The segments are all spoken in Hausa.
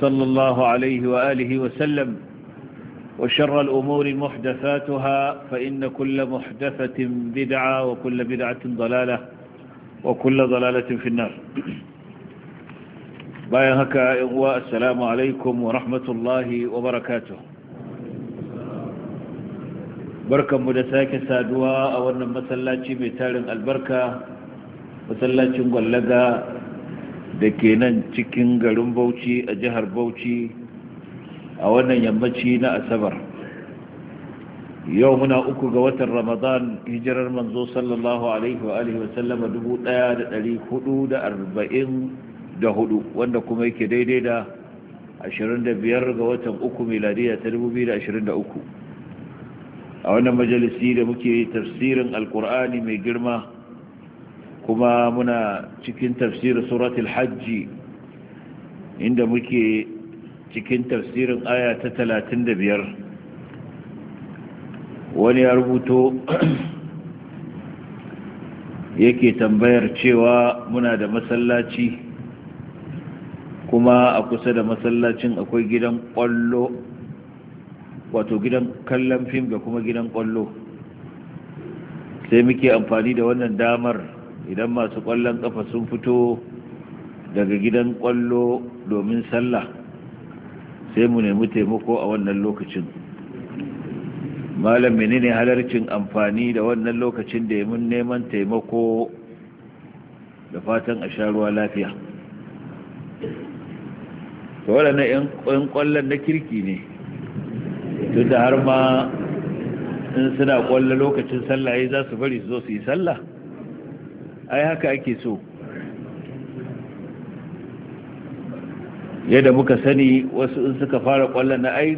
صلى الله عليه وآله وسلم وشر الأمور محدثاتها فإن كل محدثة بدعة وكل بدعة ضلالة وكل ضلالة في النار بايهك إغواء السلام عليكم ورحمة الله وبركاته بركة مدساك سادوها أولا مثلا البركة مثلا جميتال da ke nan cikin garin bauchi a jihar bauchi a wannan yammaci na asabar yau muna uku ga watan ramadan hijirar manzo sallallahu alaihi wa alihi wasallama 1444 wanda kuma yake daidai da 25 ga watan uku miladiya ta 2023 a wannan majalisi da muke tafsirin alkur'ani mai girma kuma muna cikin tafsirin suratul hajji inda muke cikin tafsirin aya ta talatin da biyar wani ya rubuto yake tambayar cewa muna da masallaci kuma a kusa da masallacin akwai gidan kwallo wato gidan kallon fim da kuma gidan kwallo sai muke amfani da wannan damar idan masu ƙwallon ƙafa sun fito daga gidan ƙwallo domin sallah sai mu nemi taimako a wannan lokacin malam menene halarcin amfani da wannan lokacin da mun neman taimako da fatan a sha ruwa lafiya to na 'yan ƙwallon na kirki ne tun da har ma in suna ƙwallo lokacin sallah ya za su bari su zo su yi sallah ai haka ake so yadda muka sani wasu in suka fara kwallon na ai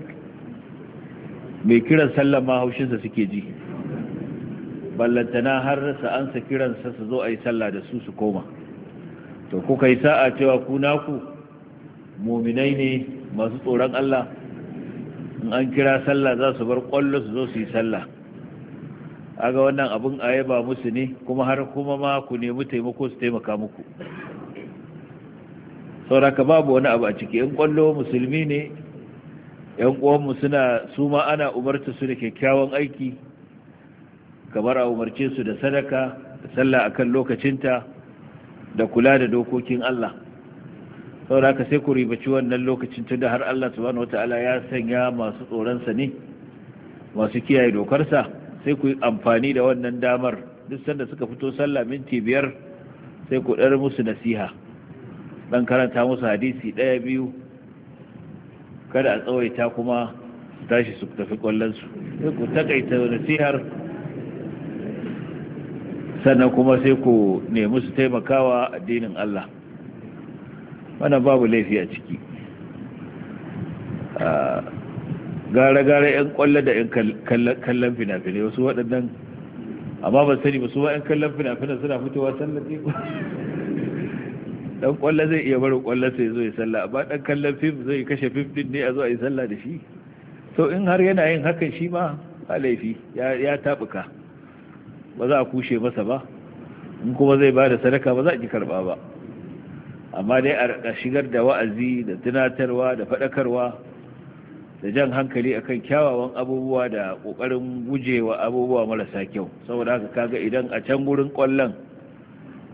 mai kiran sallan mahaushin haushinsa suke ji ballantana har rasa ansa kiransa su zo a yi sallah da su su koma to kuka yi sa'a cewa ku ku? muminai ne masu tsoron Allah in an kira sallah za su bar kwallo su zo su yi sallah aga wannan abin yaba musu ne kuma har kuma ma ku nemi taimako su taimaka muku sauraka babu wani abu a ciki yan kwallo musulmi ne yan uwanmu suna su ma ana umarta su da kyakkyawan aiki kamar a umarce su da sadaka da sallah kan lokacinta da kula da dokokin Allah sauraka sai ku ribaci wannan lokacin da har Allah subhanahu wataala ya sanya masu tsoronsa ne masu kiyaye dokarsa sai ku yi amfani da wannan damar duk sanda suka fito sallah minti biyar sai ku ɗar musu nasiha ɗan karanta musu hadisi ɗaya biyu kada a tsawaita kuma su tashi su tafi ƙwallonsu sai ku taƙaita nasihar sannan kuma sai ku nemi su taimakawa addinin Allah wannan babu laifi a ciki ah, gara-gara 'yan kwallo da 'yan kallon fina-finai wasu waɗannan amma ba sani ba su ba 'yan kallon fina finai suna fitowa sallar ne dan kwallo zai iya barin kwallo sai zo ya salla amma dan kallon fim zai kashe fim din ne a zo a yi salla da shi so in har yana yin hakan shi ma a laifi ya tabuka ba za a kushe masa ba in kuma zai ba da sadaka ba za a ki karba ba amma dai a shigar da wa'azi da tunatarwa da faɗakarwa da jan hankali akan kyawawan abubuwa da kokarin gujewa abubuwa marasa kyau saboda haka kaga idan a can gurin kwallon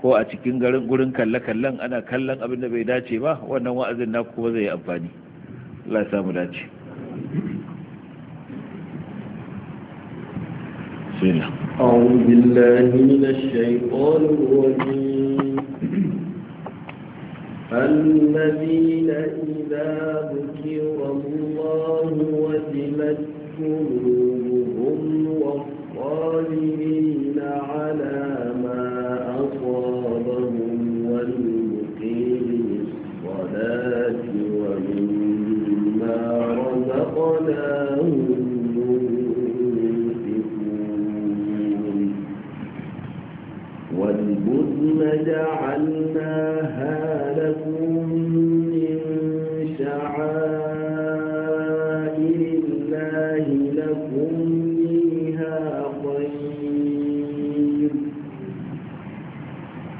ko a cikin garin gurin kalle-kallen ana kallon abin da bai dace ba wannan wa'azin na kuma zai yi amfani Allah samu dace بسم الله أعوذ بالله من الذين إذا ذكر الله وجلت قلوبهم والصابرين على ما أصابهم والمقيم الصلاة ومما رزقناهم ثم جعلناها لكم من شعائر الله لكم فيها خير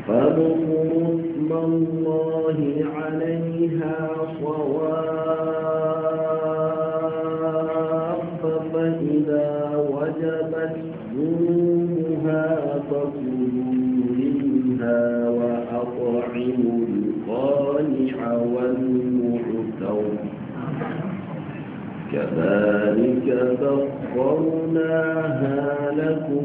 فاذكروا اسم الله عليها صواب كذلك سخرناها لكم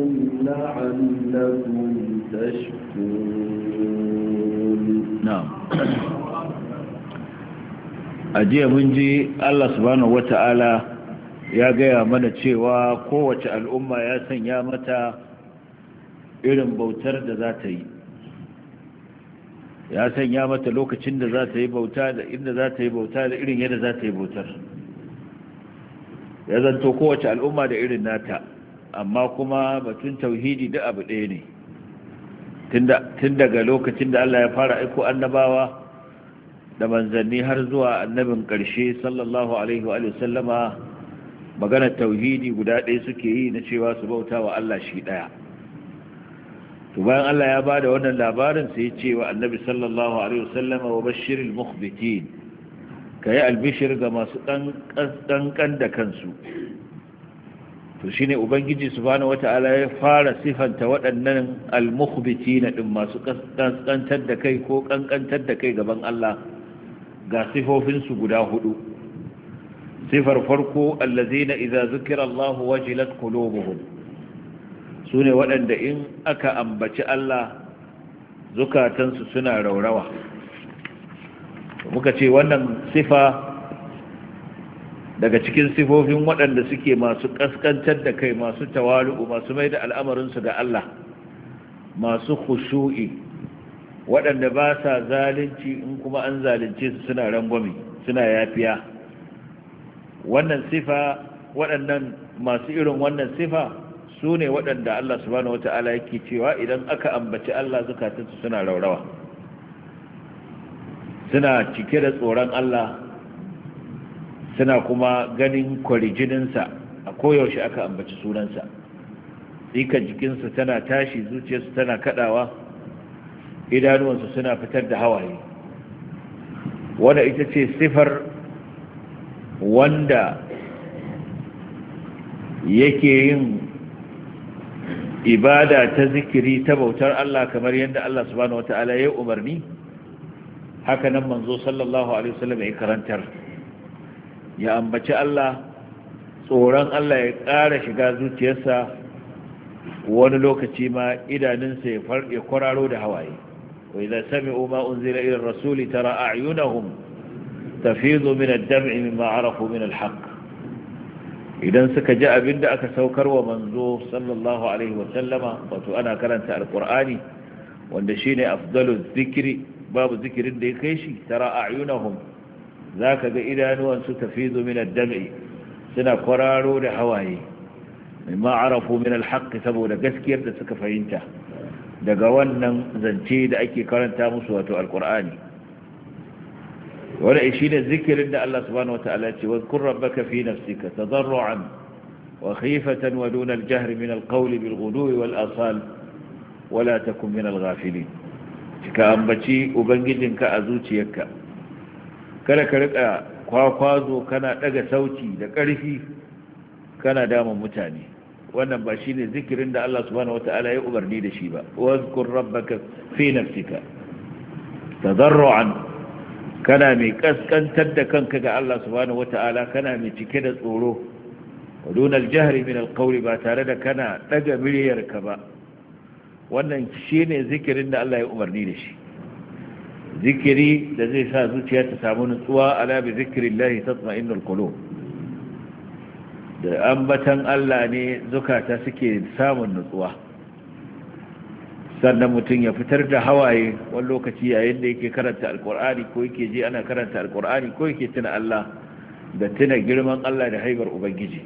لعلكم تشكرون نعم ajiya mun ji Allah subhanahu wata'ala ya gaya mana cewa kowace al'umma ya sanya mata irin bautar da za ta yi ya sanya mata lokacin da za ta yi bauta da inda za ta yi bauta da irin yadda za ta yi bautar ya zanto kowace al'umma da irin nata amma kuma batun tauhidi duk abu ɗaya ne tun daga lokacin da Allah ya fara aiko annabawa da manzanni har zuwa annabin ƙarshe sallallahu alaihi wa sallama magana tauhidi guda ɗaya suke yi na cewa su bauta wa Allah shi ɗaya to bayan Allah ya ba da wannan labarin sai ya ce wa annabi sallallahu alaihi wa sallama wa ka yi albishir ga masu ɗanƙan da kansu to shi ne ubangiji su bani wata'ala ya fara sifanta waɗannan almukhbiti na ɗin masu ƙanƙantar da kai ko ƙanƙantar da kai gaban Allah ga sifofinsu guda hudu sifar farko allazina iza zukira Allah wajilat Su ne waɗanda in aka ambaci Allah zukatansu suna raurawa muka ce wannan sifa daga cikin sifofin waɗanda suke masu ƙasƙantar da kai masu tawalu'u masu mai da al'amarinsu ga Allah masu khushu'i waɗanda ba sa zalunci in kuma an zalunce su suna rangwame suna yafiya wannan sifa waɗannan masu irin wannan sifa su ne waɗanda Allah subhanahu wata'ala yake cewa idan aka ambaci Allah zukatansu suna raurawa suna cike da tsoron Allah suna kuma ganin kwarijininsa a koyaushe aka ambaci sunansa tsika jikinsa tana tashi zuciyarsu tana kadawa idanuwansu suna fitar da hawaye wanda ita ce sifar wanda yake yin ibada ta zikiri ta bautar Allah kamar yadda Allah subhanahu wata'ala ya umarni haka nan manzo sallallahu alaihi wasallam ya karantar ya ambaci Allah tsoron Allah ya ƙara shiga zuciyarsa wani lokaci ma idanunsa ya kwararo da hawaye wa idza sami'u ma unzila ila ar-rasuli tara a'yunahum tafizu min ad-dam'i mimma 'arafu min al-haqq idan suka ji abinda aka saukar wa manzo sallallahu alaihi sallama, wato ana karanta alkur'ani wanda shine afdalu zikri babu zikirin da ya kai shi tara a'yunahum zaka ga idanuwan su tafizu min ad-dam'i suna kwararo da hawaye mimma arafu min al saboda gaskiyar da suka fahimta daga wannan zance da ake karanta musu wato alkur'ani. qurani wala shi ne zikirin da Allah subhanahu wataala ce wa kun rabbaka fi nafsika tadarruan wa khifatan wa dun jahar min al bil wal-asal wala takun min al ka ambaci ubangijinka a zuciyarka kada ka rika kwakwazo kana daga sauti da ƙarfi kana damun mutane wannan ba shi ne zikirin da Allah subhanahu wataala ya umarni da shi ba wazkur rabbaka fi nafsika tadarruan kana mai kaskantar da kanka ga Allah subhanahu wataala kana mai cike da tsoro dunal jihar min alqawli ba tare da kana daga miliyarka ba wannan ne zikirin da Allah ya umarni da shi zikiri da zai sa zuciya ta samu nutsuwa ala bi zikrillahi tatma'innul qulub da ambatan Allah ne zukata suke samun nutsuwa sannan mutum ya fitar da hawaye wani lokaci yayin da yake karanta alkur'ani ko yake ji ana karanta alkur'ani ko yake tuna Allah da tuna girman Allah da haibar ubangiji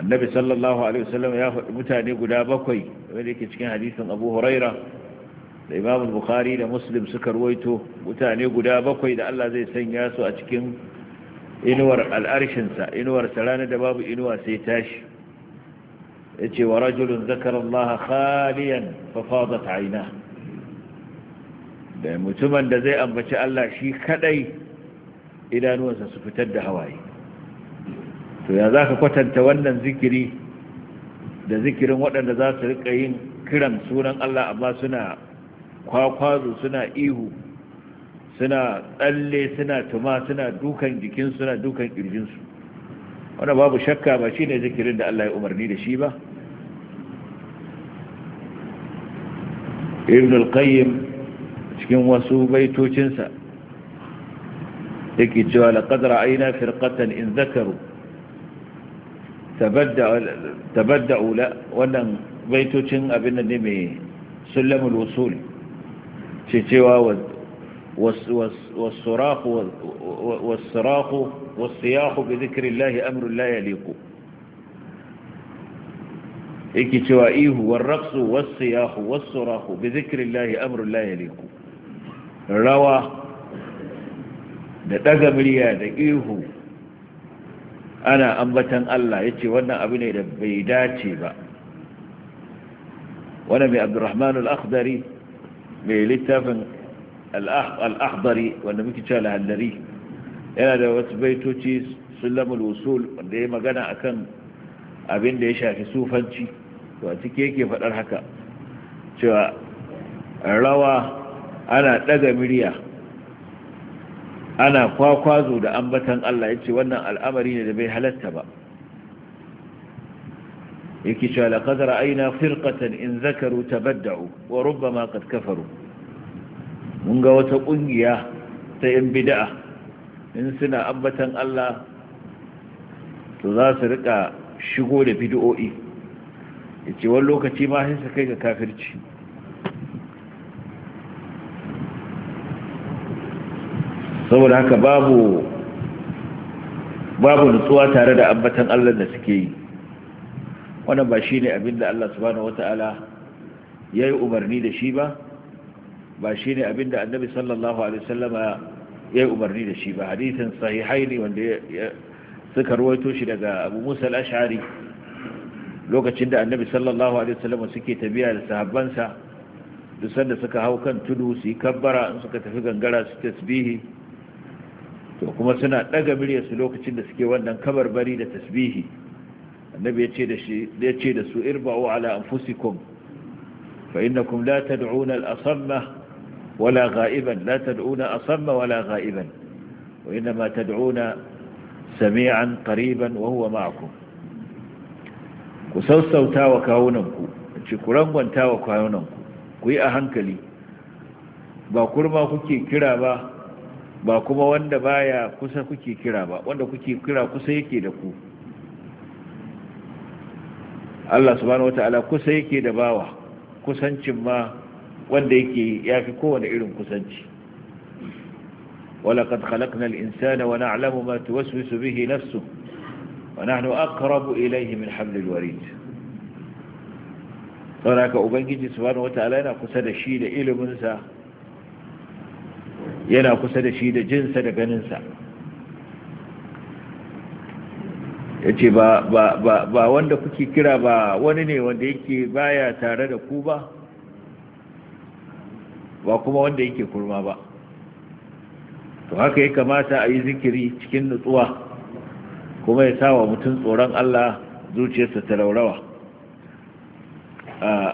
annabi sallallahu alaihi wasallam ya faɗi mutane guda bakwai wanda yake cikin hadisin abu huraira da imam bukhari da muslim suka ruwaito mutane guda bakwai da allah zai sanya su a cikin inuwar al'arshinsa inuwar ranar da babu inuwa sai tashi ya ce wa rajulun zakarallaha khaliyan fafadat aina da mutumin da zai ambaci allah shi kadai idanuwansa su fitar da hawaye to ya za ka kwatanta wannan zikiri da zikirin waɗanda za su riƙa yin kiran sunan Allah amma suna kwakwazo suna ihu suna tsalle suna tuma suna dukan jikinsu suna dukan ƙirjinsu wanda babu shakka ba shi ne zikirin da Allah ya umarni da shi ba ibn al-qayyim cikin wasu baitocinsa yake cewa laqad ra'ayna firqatan in zakaru tabadda ula wannan baitocin abin da ne mai sulamul wasul ce cewa wasuraku wasiyahu bi zikirin lahi amurin la yaliku yake cewa ihu warraksu wasiyahu wasuraku bi zikirin lahi amurin la yaliku rawa da ɗaga murya da ihu ana ambatan Allah yace wannan abu ne da bai dace ba wannan mai Abdurrahman al mai littafin al-Akhdari wanda muke cewa al yana da wasu baitoci sulamul wusul wanda ya magana akan abin da ya shafi sufanci to a cike yake faɗar haka cewa rawa ana ɗaga miliya ana kwakwazo da ambatan Allah ya ce wannan al'amari ne da bai halatta ba yake cewa laqad aina firqatan in zakaru tabadda'u wa rubbama qad kafaru mun ga wata ƙungiya ta yan bida'a, in suna ambatan Allah to za su rika shigo da bid'o'i yace wani lokaci ma sai kai ga kafirci saboda haka babu babu nutsuwa tare da ambatan Allah da suke yi wannan ba shi ne abin da Allah subhanahu wata'ala ya yi umarni da shi ba ba shi ne abin da annabi sallallahu alaihi wasallama ya yi umarni da shi ba hadithin sahihai ne wanda suka ruwaito shi daga abu musa al lokacin da annabi sallallahu alaihi wasallama suke tafiya da sahabbansa duk da suka hau kan tudu su yi kabbara in suka tafi gangara su tasbihi to kuma suna daga miryarsu lokacin da suke wannan kabarbari da tasbihi annabi ya ce da shi ya ce su irba'u ala anfusikum fa innakum la tad'una al-asamma wala gha'iban la tad'una asamma wala gha'iban wa ma tad'una sami'an qariban wa huwa ma'akum ku sassauta wa kawunanku ci ku rangwanta wa kawunanku ku yi a hankali ba kurma kuke kira ba ba kuma wanda baya kusa kuke kira ba wanda kuke kira kusa yake da ku Allah subhanahu wata'ala kusa yake da bawa kusancin ma wanda yake yafi kowane irin kusanci ولقد خلقنا الإنسان ونعلم ما توسوس به نفسه ونحن أقرب إليه من حبل warid saboda ubangiji subhanahu wataala yana kusa da shi da iliminsa yana kusa da shi da jinsa da ganinsa ya ce ba wanda kuke kira ba wani ne wanda yake baya tare da ku ba ba kuma wanda yake kurma ba to haka ya kamata a yi zikiri cikin nutsuwa kuma ya sawa mutum tsoron Allah zuciyarsa ta raurawa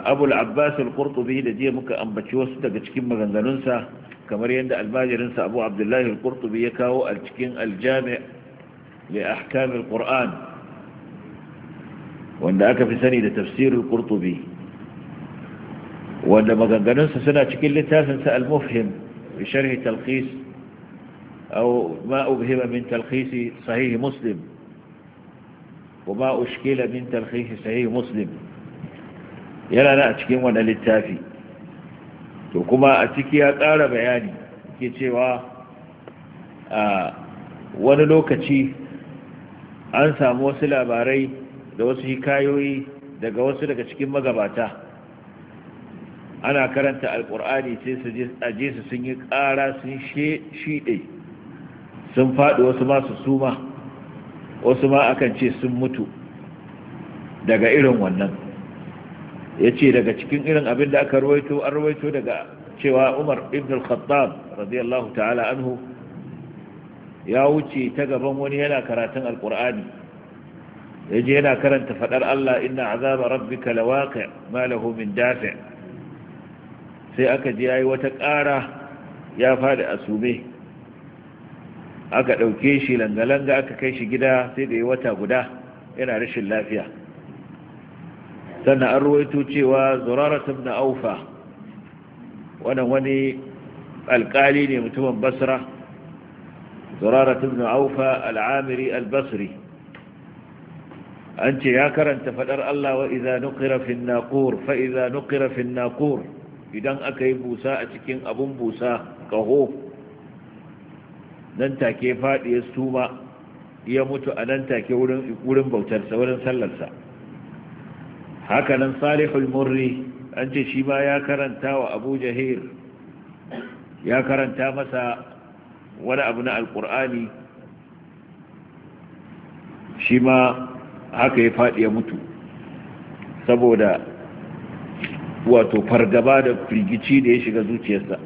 abul abbas al da jiya muka ambaci wasu daga cikin maganganunsa kamar yadda almajirinsa abu abdullahi al-qurtubi ya kawo a cikin aljami'a li ahkamil qur'an wanda aka fi sani da tafsirul qurtubi wanda maganganunsa suna cikin littafinsa al-mufhim bi sharhi talqis aw ma ubhima min talqis sahih muslim وما ushkila min تلخيص صحيح muslim yana na a cikin wani littafi to kuma a ciki ya ƙara bayani ke cewa a wani lokaci an samu wasu labarai da wasu hikayoyi daga wasu daga cikin magabata ana karanta alkur'ani sai su je su sun yi ƙara sun shiɗe sun faɗi wasu masu suma wasu ma akan ce sun mutu daga irin wannan ya ce daga cikin irin abin da aka ruwaito an rawaito daga cewa umar ibn al-khattab radiyallahu ta'ala anhu ya wuce ta gaban wani yana karatun alkur'ani ya ji yana karanta fadar Allah inna azaba rabbika lawaqi ma lahu min dafi sai aka ji yayi wata ƙara ya a asube aka ɗauke shi langa-langa aka kai shi gida sai da yi wata guda yana rashin lafiya sannan an ruwaito cewa zurarat ibn aufa wannan wani alkali ne mutumin basra zurarat ibn aufa al'amiri al an ce ya karanta fadar Allah wa idza nuqira fi naqur fa naqur idan aka yi busa a cikin abun busa kaho nan take faɗi ya suma ya mutu a nan take wurin bautarsa wurin sallarsa hakanan salihul murri an ce shi ma ya karanta wa abu jahir ya karanta masa wani abu na alkur'ani shi ma haka ya faɗi ya mutu saboda wato fargaba da firgici da ya shiga zuciyarsa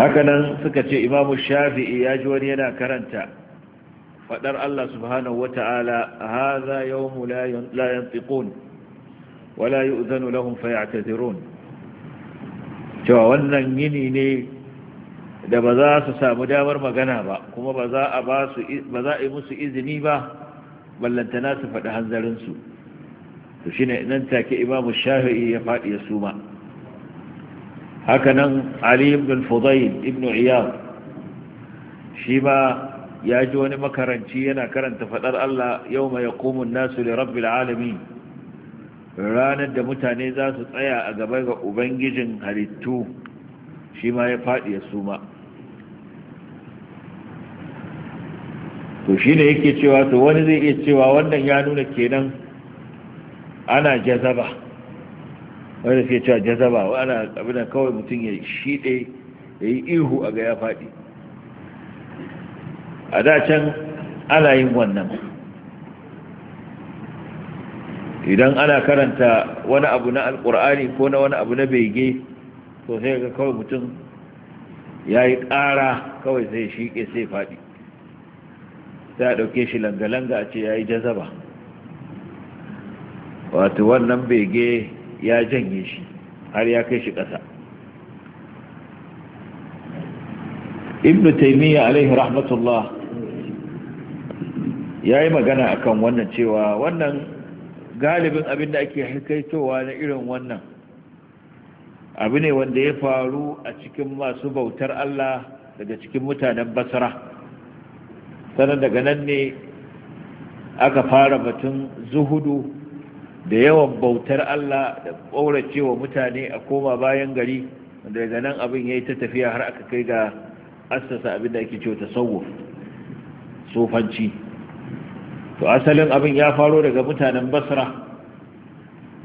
hakanan suka ce imamu shafi'i ya ji wani yana karanta Faɗar Allah subhanahu wata'ala hadha yawmu layan yantiqun wala yu'zanu lahum fayatazirun cewa wannan yini ne da ba za su samu damar magana ba kuma ba za a su yi musu izini ba ballantana su faɗi hanzarin su to shine nan take imamu shafi'i ya faɗi ya suma haka nan ali ibn fudayl ibn iyad shi ba ya ji wani makaranci yana karanta fadar Allah yau mai ya komun nasu da rabbi alami ranar da mutane za su tsaya a gaba ga ubangijin halittu shi ma ya faɗi ya suma to shi ne yake cewa to wani zai iya cewa wannan ya nuna kenan ana jazaba wani ke cewa jazaba ana abinan kawai mutum ya shiɗe ya yi ihu a ga ya faɗi a da can ana yin wannan idan ana karanta wani abu na alkur'ani ko na wani abu na bege to sai ga kawai mutum ya yi ƙara kawai sai shiƙe sai faɗi sai a ɗauke shi langa-langa a ce ya yi jazaba wato wannan bege ya janye shi har ya kai shi ƙasa ibn taimiyya alaihi rahmatullah ya yi magana akan wannan cewa wannan galibin abin da ake haikaitowa na irin wannan abu ne wanda ya faru a cikin masu bautar Allah daga cikin mutanen basra sanar daga nan ne aka fara batun zuhudu da yawan bautar Allah da ƙauracewa mutane a koma bayan gari daga nan abin ya yi ta tafiya har aka kai ga assasa abin da ake cewa tsawo sofanci to asalin abin ya faro daga mutanen basra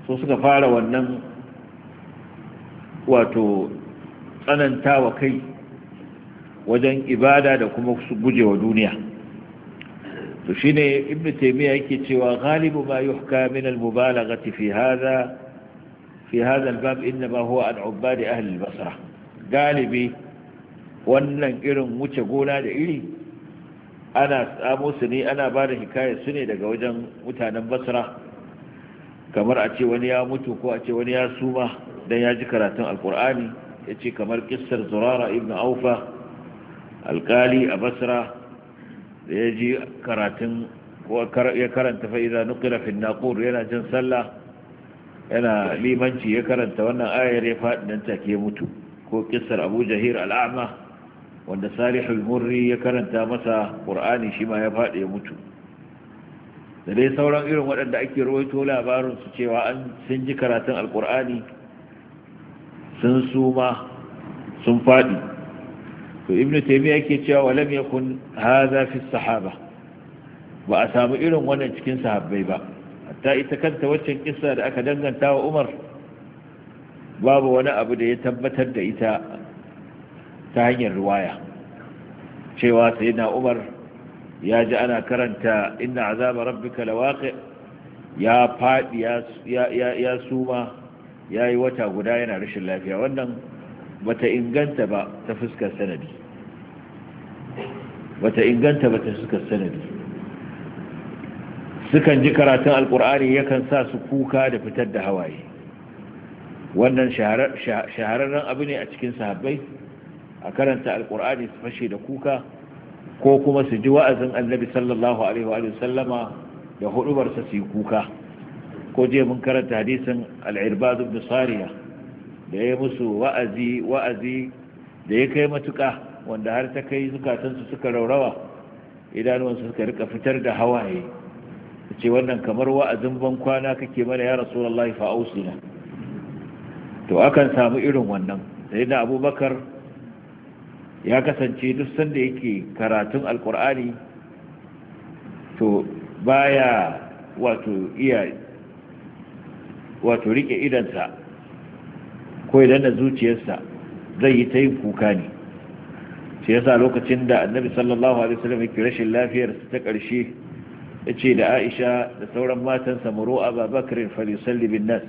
su suka fara wannan wato tsananta wa kai wajen ibada da kuma su guje wa duniya to shine ibnu taymiya yake cewa ghalibu ma yi min al-mubalaghati fi hadha fi hadha al huwa ahli basra galibi wannan irin wuce gona da iri ana tsamo su ne ana ba da hikayar su ne daga wajen mutanen basra kamar a ce wani ya mutu ko a ce wani ya suma don ya ji karatun alkur'ani ya ce kamar Kistar zurara ibn aufa alkali a basra da ya ji karatun ya karanta fa'iza nukira fin naqur yana jin sallah yana limanci ya karanta wannan ayar ya faɗi nan take mutu ko kistar abu jahir al'ama wanda salihul murri ya karanta masa qur'ani shi ma ya faɗi ya mutu da dai sauran irin waɗanda ake rawaito labarin su cewa an sun ji karatun alqur'ani sun suma sun faɗi to ibnu taymiya yake cewa walam yakun hadha fi sahaba ba a samu irin wannan cikin sahabbai ba hatta ita kanta waccan kissa da aka danganta wa Umar babu wani abu da ya tabbatar da ita ta hanyar ruwaya cewa sai Umar ya ji ana karanta inna azaba rabbika lawaqi ya fadi ya ya suma yayi wata guda yana rashin lafiya wannan bata inganta ba ta fuskar sanadi bata inganta ba ta fuskar sanadi sukan ji karatun alkur'ani yakan sa su kuka da fitar da hawaye wannan shahararren abu ne a cikin sahabbai a karanta alkur'ani su fashe da kuka ko kuma su ji wa'azin annabi sallallahu alaihi wa sallama da hudubarsa su yi kuka ko je mun karanta hadisin al'irbad ibn sariya da ya musu wa'azi wa'azi da ya kai matuka wanda har ta kai zukatansu suka raurawa idanuwansu suka rika fitar da hawaye ce wannan kamar wa'azin ban kwana kake mana ya rasulullahi fa'ausina to akan samu irin wannan sai da abubakar ya kasance duk sanda yake karatun alkur'ani to baya wato iya wato rike idansa ko idan da zuciyarsa zai yi ta yin kuka ne shi yasa lokacin da annabi sallallahu alaihi wasallam yake rashin lafiyar ta ƙarshe yace da Aisha da sauran matansa muru Abubakar fa yusalli bin nas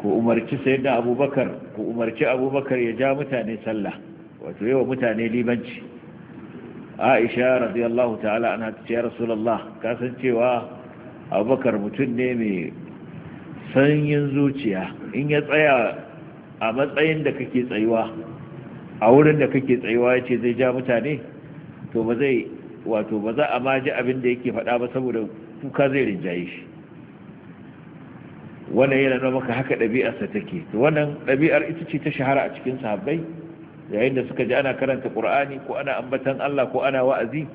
ku umarci da abubakar ku umarci abubakar ya ja mutane sallah wato yawa mutane limanci aisha radiyallahu ta'ala ana ta ce ya rasulullah kasancewa abubakar mutum ne mai sanyin zuciya in ya tsaya a matsayin da kake tsayuwa a wurin da kake tsayuwa ya ce zai ja mutane to ba zai wato ba za a ma abin da yake faɗa ba saboda kuka zai rinjaye shi wannan yana maka haka ɗabi'arsa take wannan ɗabi'ar ita ce ta shahara a cikin sahabbai yayin da suka ji ana karanta ƙur'ani ko ana ambatan Allah ko ana wa'azi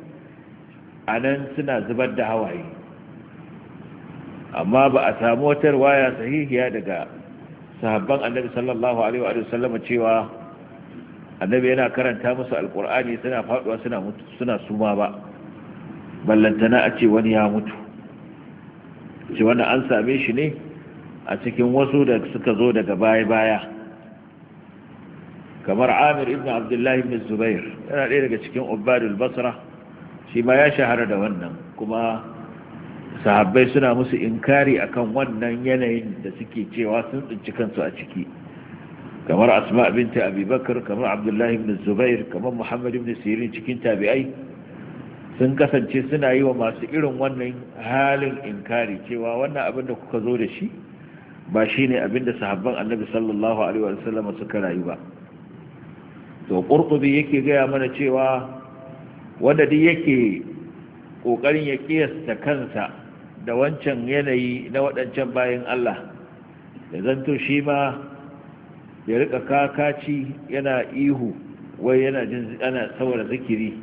a nan suna zubar da hawaye amma ba a samu wata riwaya sahihiya daga sahabban annabi sallallahu alaihi wa sallam cewa annabi yana karanta musu alƙur'ani suna faɗuwa suna mutu suna suma ba ballantana a ce wani ya mutu ce wannan an same shi ne a cikin wasu da suka zo daga baya-baya kamar amir ibn abdullahi bin zubair yana ɗaya daga cikin ubadul basra shi ma ya shahara da wannan kuma sahabbai suna musu inkari akan wannan yanayin da suke cewa sun tsinci kansu a ciki kamar asma binta abubakar kamar abdullahi ibn zubair kamar muhammad ibn sirin cikin tabi'ai sun kasance suna yi wa masu irin wannan halin inkari cewa wannan abin da kuka zo da shi ba shi shine abinda sahabban annabi sallallahu alaihi wasallam suka rayu ba to qurtubi yake gaya mana cewa wanda duk yake kokarin ya kiyasta kansa da wancan yanayi na waɗancan bayan Allah da zanto shi ma ya rika kakaci yana ihu wai yana jin ana saboda zikiri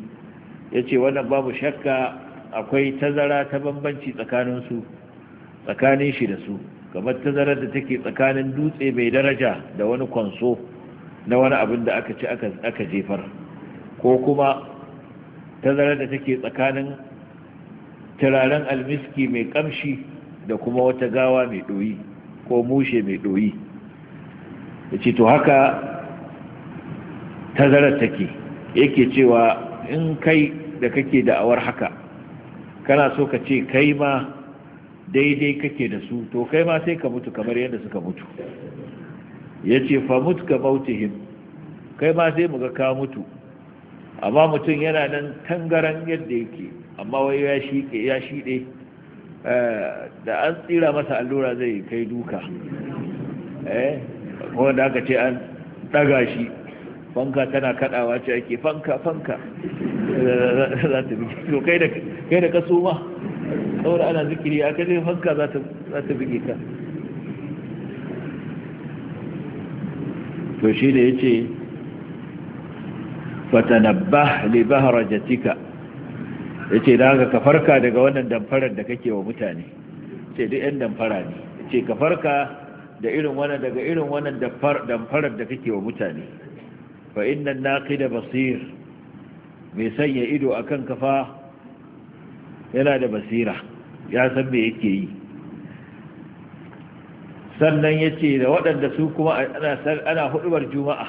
yace wannan babu shakka akwai tazara ta bambanci tsakaninsu tsakanin shi da su kamar tazarar da take tsakanin dutse mai daraja da wani kwanso na wani abin da aka ci aka jefar ko kuma tazarar da take tsakanin turaren almiski mai kamshi da kuma wata gawa mai ɗoyi ko mushe mai ɗoyi da ce to haka tazarar take yake cewa in kai da kake da'awar haka kana so ka ce kai ma daidai kake da su to kai ma sai ka mutu kamar yadda suka mutu ya ce famut ka mautihim kai ma sai muka ka mutu amma mutum yana nan tangaran yadda yake amma wai ya shiɗe ya shiɗe eh, da an tsira masa allura zai kai duka eh wanda aka ce an ɗaga shi fanka tana kaɗawa ce ake fanka fanka za ta bi to kai da kaso ma saboda ana zikiri a kaje haska za ta buge ka to shi da ya ce fatanabba libahar jatika ya ce da haka ka farka daga wannan damfarar da kake wa mutane ce duk 'yan damfara ne ya ce ka farka da irin wannan daga irin wannan damfarar da kake wa mutane fa innan da basir mai sanya ido a kan kafa yana da basira ya san me yake yi sannan ya ce da waɗanda su kuma ana hudubar juma'a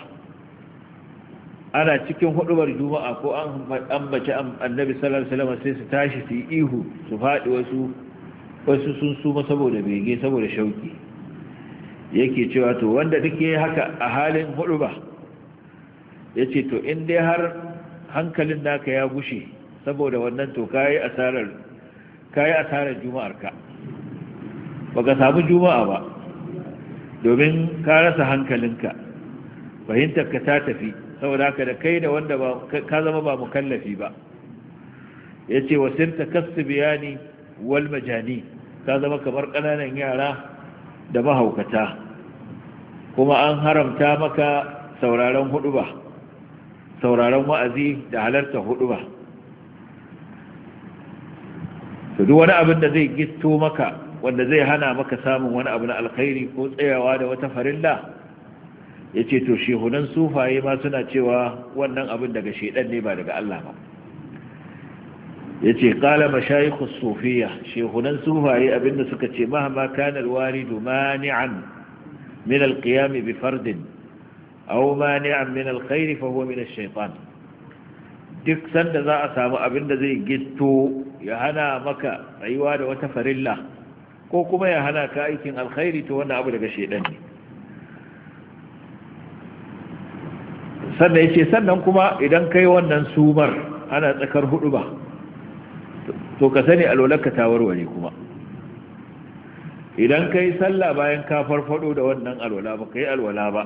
ana cikin hudubar juma'a ko an ambace annabi sallallahu alaihi wasallam sai su tashi su yi ihu su faɗi wasu wasu sun suma saboda bege saboda shauki yake cewa to wanda duke haka a halin hudu ba ya to in dai har hankalin naka ya gushe saboda wannan to kayi asarar kayi asarar juma'ar ka baka samu juma'a ba domin ka rasa hankalinka fahimtar ka ta tafi saboda haka da kai da wanda ka zama ba mukallafi ba yace wasirta kasbiyani wal majani ka zama kamar ƙananan yara da mahaukata kuma an haramta maka sauraron hudu sauraron wa'azi da halarta hudu to duk wani abin da zai gisto maka wanda zai hana maka samun wani abu na alkhairi ko tsayawa da wata farilla ya ce to shehunan sufaye ma suna cewa wannan abin daga shaidan ne ba daga Allah ba ya ce ƙala mashayikun sufiya shehunan sufaye abinda suka ce mahama kanar waridu mani'an min alkiyami bi fardin aw mani'an min alkhairi fa huwa min ash-shaytan duk sanda za a samu abin da zai gisto. ya hana maka rayuwa da wata farilla ko kuma ya hana ka aikin alkhairi to wannan abu daga shedan ne sannan yace sannan kuma idan kai wannan sumar ana tsakar hudu ba to ka sani alwalarka ta warware kuma idan kai sallah bayan ka farfado da wannan alwala ba kai alwala ba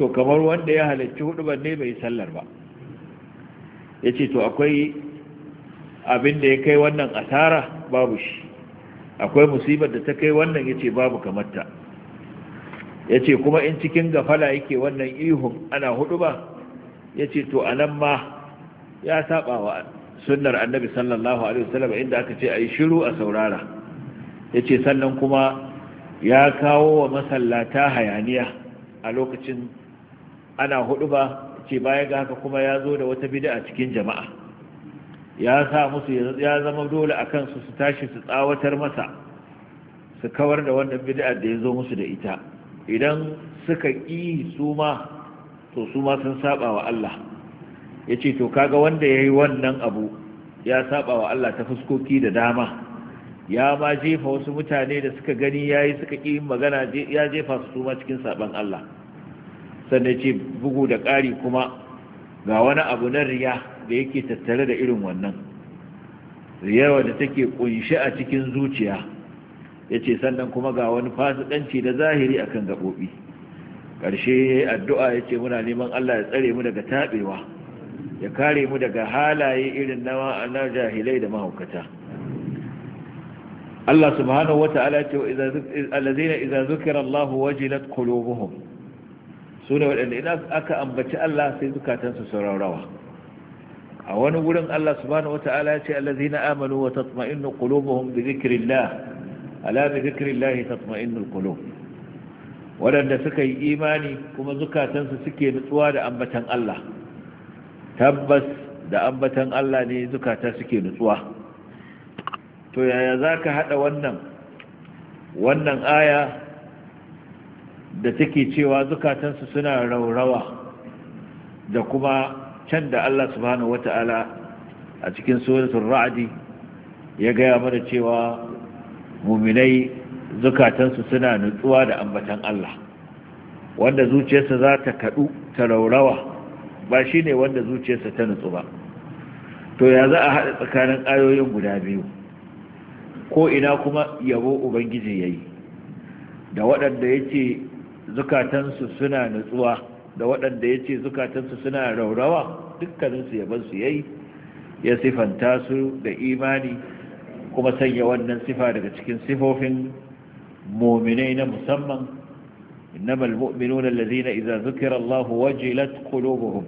to kamar wanda ya halarci hudu ne bai sallar ba yace to akwai abin da ya kai wannan asara babu shi akwai musibar da ta kai wannan ya ce babu kamarta ya ce kuma in cikin gafala yake wannan ihun ana hudu ba ya ce to a nan ma ya saba wa sunnar annabi sallallahu alaihi wasallam inda aka ce a yi shiru a saurara ya ce sannan kuma ya kawo wa masallata hayaniya a lokacin ana hudu ba ce baya ga haka kuma ya zo da wata bida a cikin jama'a ya sa musu ya zama dole a kansu su tashi su tsawatar masa su kawar da wannan bid'ar da ya zo musu da ita idan suka ƙi su ma to su ma sun saba wa Allah ya ce to kaga wanda ya yi wannan abu ya saba wa Allah ta fuskoki da dama ya ma jefa wasu mutane da suka gani ya yi suka ƙi magana ya jefa su su ma cikin saban Allah sannan ce bugu da ƙari kuma ga wani abu na riya da yake tattare da irin wannan riyawa da take kunshi a cikin zuciya ya ce sannan kuma ga wani fasikanci da zahiri akan gabobi karshe addu'a ya ce muna neman Allah ya tsare mu daga taɓewa, ya kare mu daga halaye irin nawa na jahilai da mahaukata Allah subhanahu wata'ala ce alazina iza zukira Allah wajilat su sune waɗanda idan aka ambaci Allah sai zukatansu saurawa a wani wurin Allah subhanahu wata'ala ya ce allazina amanu wa tatma'innu qulubuhum bi dhikrillah ala bi dhikrillah tatma'innul qulub wadanda suka yi imani kuma zukatansu suke nutsuwa da ambatan Allah tabbas da ambatan Allah ne zukata suke nutsuwa to yaya zaka hada wannan wannan aya da take cewa zukatansu suna raurawa da kuma can da Allah subhanahu wata'ala a cikin suratul ra'adi ya gaya mana cewa muminai zukatansu suna nutsuwa da ambatan Allah wanda zuciyarsa za ta kaɗu ta raurawa ba shi ne wanda zuciyarsa ta nutsu ba to ya za a haɗa tsakanin ayoyin guda biyu ko ina kuma yabo ubangiji yayi da waɗanda ya ce zukatansu suna nutsuwa da waɗanda ya ce zukatansu suna raurawa dukkaninsu yabansu ya yi ya sifanta su da imani kuma sanya wannan sifa daga cikin sifofin mominai na musamman innama إنما المؤمنون الذين إذا ذكر الله وجلت قلوبهم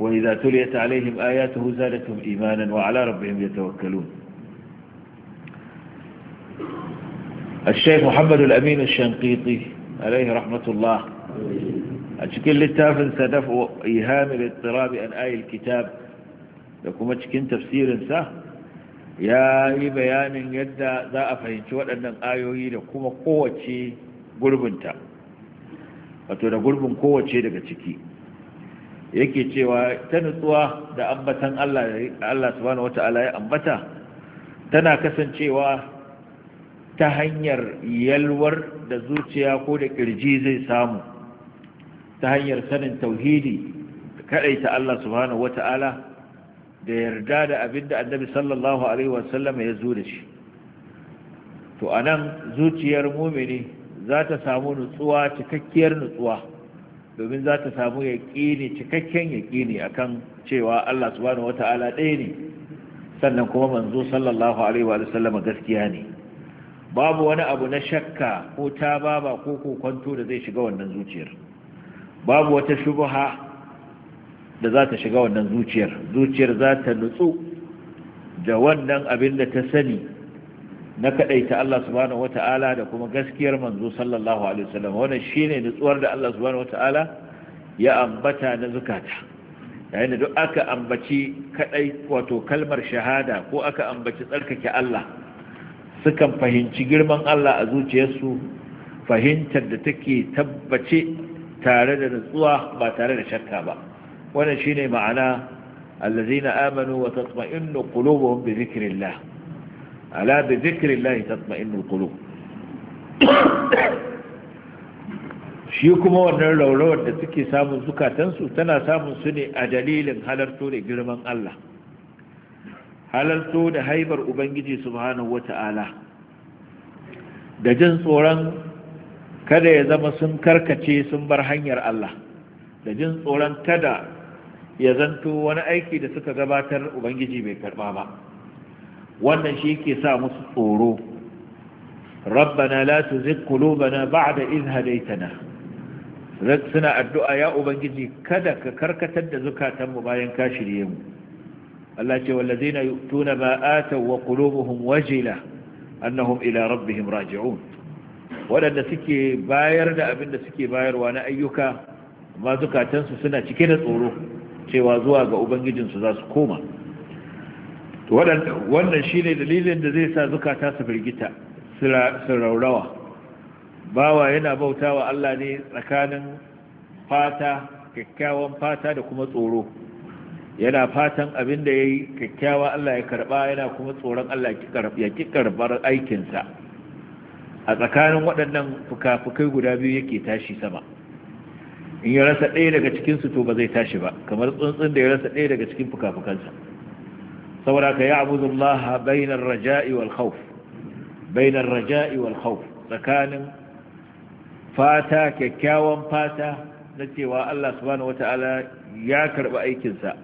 وإذا تليت عليهم آياته زادتهم إيمانا وعلى ربهم يتوكلون الشيخ محمد الأمين الشنقيطي عليه رحمة الله a cikin littafin sadaf wa ihamil ittirabi an ayil kitab da kuma cikin tafsirinsa ya yi bayanin yadda za a fahimci waɗannan ayoyi da kuma kowace gurbinta wato da gurbin kowace daga ciki yake cewa ta nutsuwa da ambatan Allah subhanahu wata'ala ya ambata tana kasancewa ta hanyar yalwar da zuciya ko da ƙirji zai samu ta hanyar sanin tauhidi ta Allah subhanahu wata'ala da yarda da abinda annabi sallallahu alaihi wasallam ya zo da shi to anan zuciyar mumini za ta samu nutsuwa cikakkiyar nutsuwa domin za ta samu yaƙini cikakken yaƙini akan cewa Allah subhanahu wata'ala ɗaya ne sannan kuma manzo sallallahu alaihi wasallam gaskiya ne babu wani abu na shakka ko ta baba ko kwanto da zai shiga wannan zuciyar babu wata shubaha da za ta shiga wannan zuciyar zuciyar za ta nutsu da wannan abin da ta sani na kadaita Allah subhanahu wata'ala da kuma gaskiyar manzo sallallahu alaihi wasallam wannan shine nutsuwar da Allah subhanahu wata'ala ya ambata na zukata yayin da duk aka ambaci kadai wato kalmar shahada ko aka ambaci tsarkake Allah sukan fahimci girman Allah a zuciyarsu fahimtar da take tabbace tare da nutsuwa ba tare da shakka ba wannan shine ma'ana allazina amanu wa tatma'innu qulubuhum bi dhikrillah ala bi dhikrillah tatma'innu qulub shi kuma wannan raurawar da suke samun zukatansu tana samun su ne a dalilin halarto da girman Allah halarto da haibar Ubangiji subhanahu wata'ala da jin tsoron kada ya zama sun karkace sun bar hanyar Allah da jin tsoron kada ya zanto wani aiki da suka gabatar ubangiji bai karba ba wannan shi yake sa musu tsoro rabbana la tuzigh qulubana ba'da idh hadaytana suna addu'a ya ubangiji kada ka karkatar da zukatanmu bayan ka shirye mu Allah ce wallazina yu'tuna ma ataw wa qulubuhum wajila annahum ila rabbihim raji'un waɗanda suke bayar da abin da suke bayarwa na ayyuka ma zukatansu suna cike da tsoro cewa zuwa ga ubangijinsu za su koma wannan shi ne dalilin da zai sa zukata su birgita su raurawa bawa yana bauta wa Allah ne tsakanin fata kyakkyawan fata da kuma tsoro yana fatan abin da ya yi kyakkyawa Allah ya karba yana kuma tsoron Allah ya ki karbar aikinsa a tsakanin waɗannan fuka-fukai guda biyu yake tashi sama in ya rasa ɗaya daga cikinsu to ba zai tashi ba kamar tsuntsun da ya rasa ɗaya daga cikin fuka-fukansa saboda ka ya abudu Allah bainar raja'i wal khawf bainar raja'i wal khawf tsakanin fata kyakkyawan fata na cewa Allah subhanahu wata'ala ya karɓi aikinsa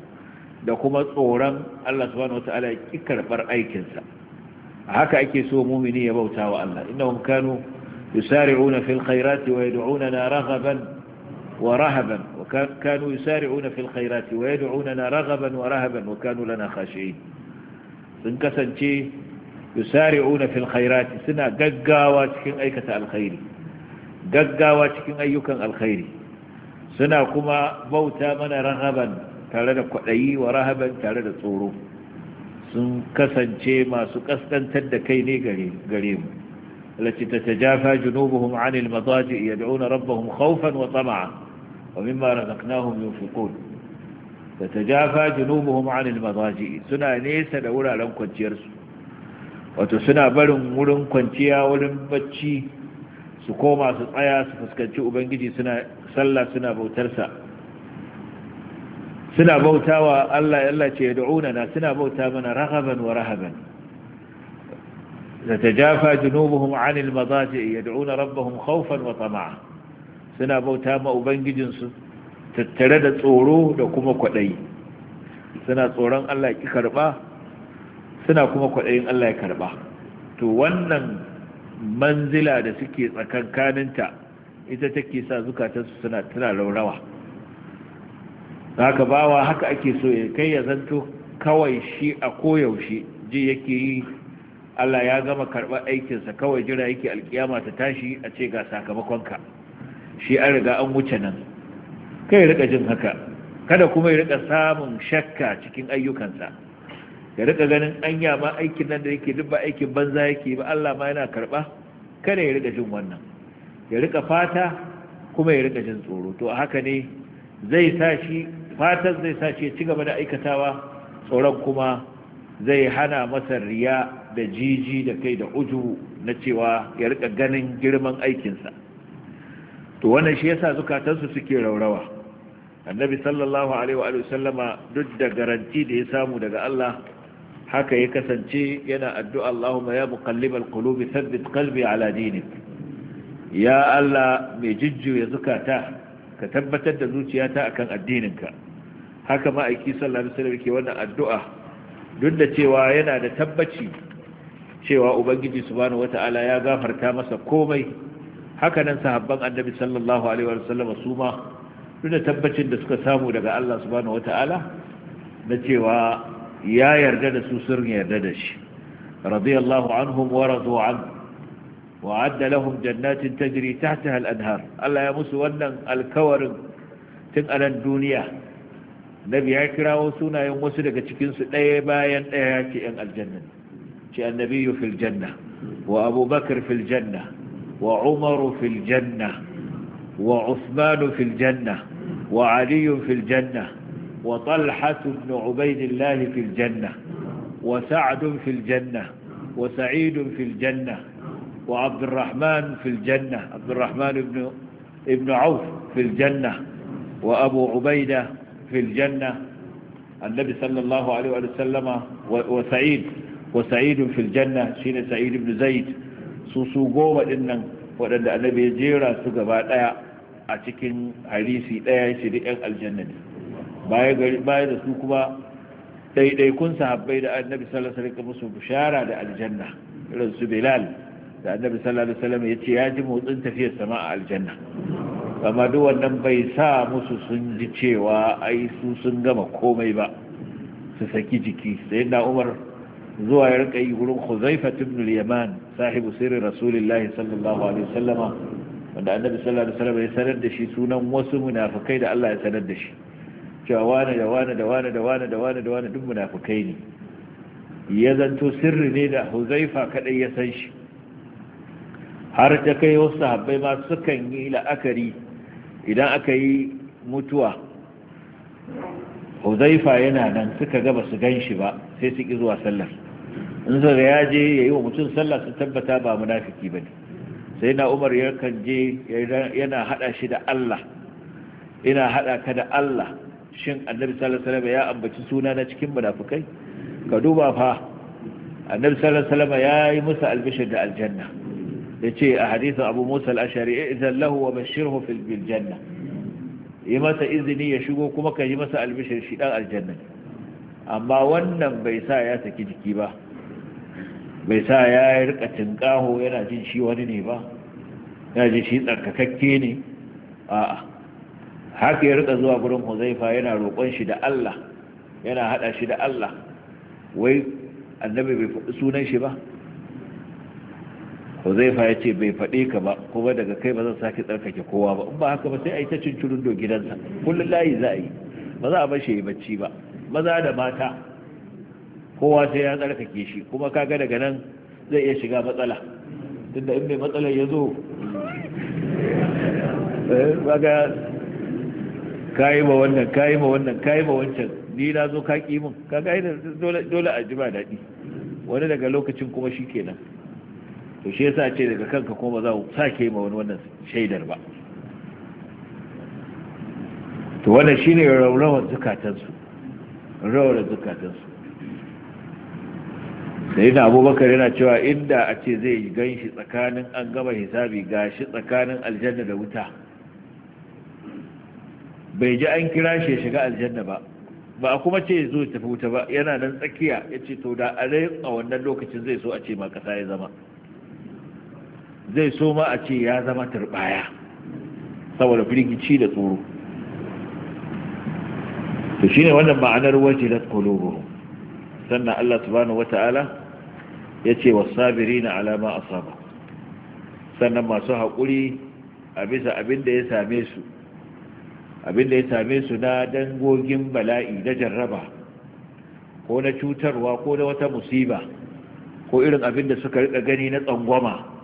da kuma tsoron Allah subhanahu wata'ala ya ƙi karɓar aikinsa haka ake so mumini ya bauta wa Allah innahum kanu yusari'una fil khairati wa yad'unana raghaban wa rahaban wa kanu yusari'una fil khairati wa yad'unana raghaban wa rahaban wa kanu lana khashi'in sun kasance yusari'una fil khairati suna gaggawa cikin aikata alkhairi gaggawa cikin ayyukan alkhairi suna kuma bauta mana rahaban tare da kwaɗayi wa rahaban tare da tsoro sun kasance masu kaskantar da kai ne gare mu التي تتجافى جنوبهم عن المضاجع يدعون ربهم خوفا وطمعا ومما رزقناهم ينفقون تتجافى جنوبهم عن المضاجع سنا نيسا لولا لن كنتيرس وتسنا بلن ولن كنتيا ولن بتشي سكوما سطايا سفسكنتي أبنجي سنا سلا سنا بوترسا suna bauta wa Allah Allah ce da'una na, suna bauta mana raghaban wa rahaban tatajafa junubuhum 'anil madaji yad'una rabbahum khawfan wa tama'a suna bauta ma ubangijinsu tattare da tsoro da kuma kwadayi suna tsoron Allah ki karɓa, suna kuma kwadayin Allah ya karɓa. to wannan manzila da suke tsakankaninta ita take sa zukatansu suna tana raurawa haka bawa haka ake so ya kai ya zanto kawai shi a koyaushe ji yake yi Allah ya gama karɓar aikinsa kawai jira yake alkiyama ta tashi a ce ga sakamakonka shi an riga an wuce nan kai rika jin haka kada kuma ya rika samun shakka cikin ayyukansa ya rika ganin anya ma aikin nan da yake duk ba aikin banza yake ba Allah ma yana karɓa kada ya rika jin wannan ya rika fata kuma ya rika jin tsoro to haka ne zai sa shi fatan zai sa ci gaba da aikatawa tsoron kuma zai hana masa riya da jiji da kai da uju na cewa ya rika ganin girman aikinsa to wannan shi yasa zukatansu suke raurawa annabi sallallahu alaihi wa sallama duk da garanti da ya samu daga Allah haka ya kasance yana addu'a Allahumma ya muqallibal qulubi thabbit qalbi ala dinik ya Allah mai ya zukata ka tabbatar da zuciyata akan addininka haka ma'aiki sallallahu alaihi wasallam ke wannan addu'a duk da cewa yana da tabbaci cewa ubangiji subhanahu wata'ala ya gafarta masa komai haka nan sahabban annabi sallallahu alaihi wasallam su ma duk da tabbacin da suka samu daga Allah subhanahu wata'ala na cewa ya yarda da su sun yarda da shi radiyallahu anhum wa radu anhu وعد لهم جنات تجري Allah ya musu wannan ونن tun anan duniya. annabi ya kirawo sunayen wasu daga cikinsu ɗaya bayan ɗaya ya ce ‘yan aljanna ce annabi fil janna wa abubakar fil janna wa umaru fil janna wa usmanu fil janna wa aliyu fil janna wa talhatu ibn ubaidillah fil janna wa sa'dun fil janna wa sa'idun fil janna wa abdurrahman fil janna abdurrahman ibn ibn auf fil janna wa abu ubaida fil janna annabi sallallahu alaihi wa sallama wa sa'id wa sa'id fil janna shine sa'id zaid su goma din nan waɗanda annabi ya jera su gaba ɗaya a cikin hadisi daya aljanna da su kuma daidaikun sahabbai da annabi sallallahu alaihi wa sallam musu bishara da aljanna irin su bilal da annabi sallallahu alaihi wasallam ya ce ya ji motsin tafiyar sama a aljanna kama duk wannan bai sa musu sun ji cewa ai su sun gama komai ba su saki jiki sai na umar zuwa ya rika yi wurin huzaifa ibn yaman sahibu sirri rasulullahi sallallahu alaihi wasallama wanda annabi sallallahu alaihi wasallam ya sanar da shi sunan wasu munafikai da Allah ya sanar da shi cewa wani da wani da wani da wani da wani da wani duk munafikai ne ya zanto sirri ne da huzaifa kadai ya san shi har ta kai wasu sahabbai ma sukan yi la'akari idan aka yi mutuwa huzaifa yana nan suka gaba su gan shi ba sai su ƙi zuwa sallar in zaga ya je ya yi wa mutum sallar su tabbata ba munafiki ba ne sai na umar yakan je yana haɗa shi da allah ina haɗa ka da allah shin annabi sallallahu alaihi ya ambaci suna na cikin munafukai ka duba fa annabi sallallahu alaihi ya yi musu albishir da aljanna da ce a hadisin abu musa al'ashari idan lahu wa bashirhu fil biljanna yi masa izini ya shigo kuma ka yi masa albishir shi dan aljanna amma wannan bai sa ya saki jiki ba bai sa ya rika tinkaho yana jin shi wani ne ba yana jin shi tsarkakakke ne a'a haka ya rika zuwa gurin huzaifa yana roƙon shi da Allah yana haɗa shi da Allah wai annabi bai faɗi sunan shi ba fa ya ce bai faɗe ka ba kuma daga kai ba zan sake tsarkake kowa ba in ba haka ba sai a yi ta cincirin do gidansa kullum layi za a yi ba za a bar shi bacci ba maza da mata kowa sai ya tsarkake shi kuma kaga daga nan zai iya shiga matsala tunda in mai matsalar ya zo eh, kaga kayi ma wannan kayi ma wannan kayi ma wancan ni na zo ka ki min kaga dole a ji ba daɗi wani daga lokacin kuma shi kenan to shi yasa ce daga kanka ba za ku sake ma wani wannan shaidar ba to wannan shine raurawar zukatansu raurawar zukatansu sai na abubakar yana cewa inda a ce zai gan shi tsakanin an gama hisabi ga shi tsakanin aljanna da wuta bai ji an kira shi ya shiga aljanna ba ba a kuma ce zo tafi wuta ba yana nan tsakiya ya ce to da a a wannan lokacin zai so a ce ma kasa ya zama zai so ma a ce ya zama turbaya saboda firgici da tsoro to shine wannan ma'anar wajilat qulubuhum sannan Allah subhanahu wata'ala yace was-sabirina alama a asaba sannan masu haƙuri a bisa abin da ya same su abin da ya same su na dangogin bala'i na jarraba ko na cutarwa ko na wata musiba ko irin abin da suka riƙa gani na tsangwama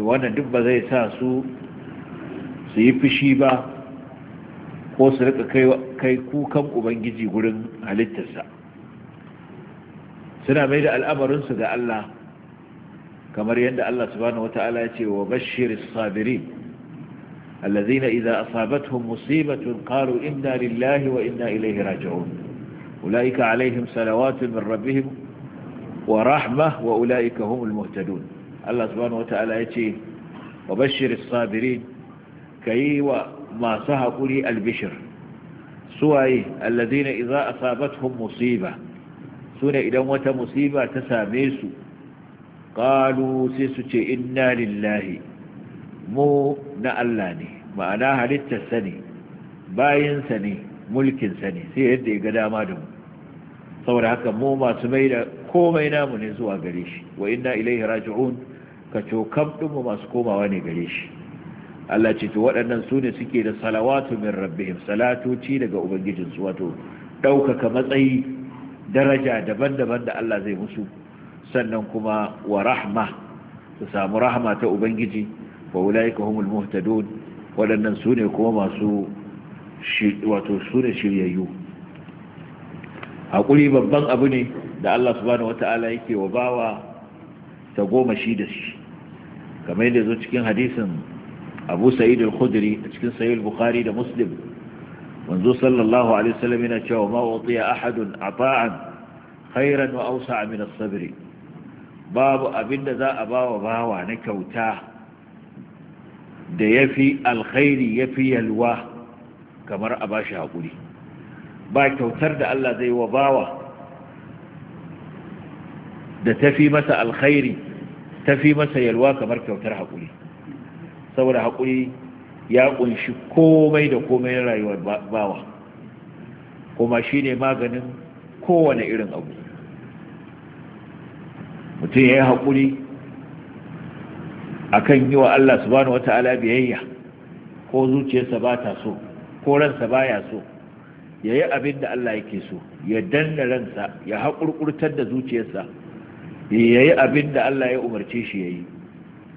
to wannan duk ba zai sa su su yi fushi ba ko su rika kai kukan ubangiji gurin halittarsa suna mai da al'amarinsu ga Allah kamar yadda Allah subhanahu wata'ala ya ce wa bashir sabiri allazina idza asabatuhum musibatun qalu inna lillahi wa inna ilayhi raji'un ulaika alaihim salawatu min rabbihim wa rahmah wa ulaika humul muhtadun Allah subhanahu wata'ala ya ce wa bashir sabirin ka yi wa masu haƙuri albishir suwaye allazina a asabatuhum musiba ne idan wata musiba ta same su qalu sai su ce inna lillahi mu na Allah ne ma'ana halittarsa ne bayansa ne mulkinsa ne sai yadda ya ga dama da mu saboda haka mu masu mai da komai namu ne zuwa gare shi wa inna ilaihi raji'un ka cokam ɗinmu masu komawa ne gare shi Allah ce to waɗannan su ne suke da salawatu min rabbihim salatoci daga ubangijinsu wato ɗaukaka matsayi daraja daban-daban da Allah zai musu sannan kuma wa rahma su samu rahma ta ubangiji wa ulaika humul muhtadun waɗannan su ne kuma masu wato su ne shiryayyu haƙuri babban abu ne da Allah subhanahu wata'ala yake wa bawa ta goma shi da shi kamar yadda zo cikin hadisin abu sa'id al-khudri a cikin sahih al-bukhari da muslim manzo sallallahu alaihi wasallam yana cewa ma utiya ahadun ata'an khairan wa awsa'a min as-sabr babu abinda za a bawa bawa na kyauta da yafi alkhairi yafi yalwa kamar a bashi hakuri ba kyautar da Allah zai wa bawa da tafi masa alkhairi tafi masa yalwa kamar kyautar haƙuri saboda haƙuri ya ƙunshi komai da komai na rayuwar bawa kuma shi ne maganin kowane irin abu mutum ya yi haƙuri a kan yi wa Allah subhanahu ala biyayya ko zuciyarsa ba ta so ko ransa ba ya so ya yi abin da Allah yake so ya danna ransa ya haƙurƙurtar da zuciyarsa yayi abin da Allah ya umarce shi yayi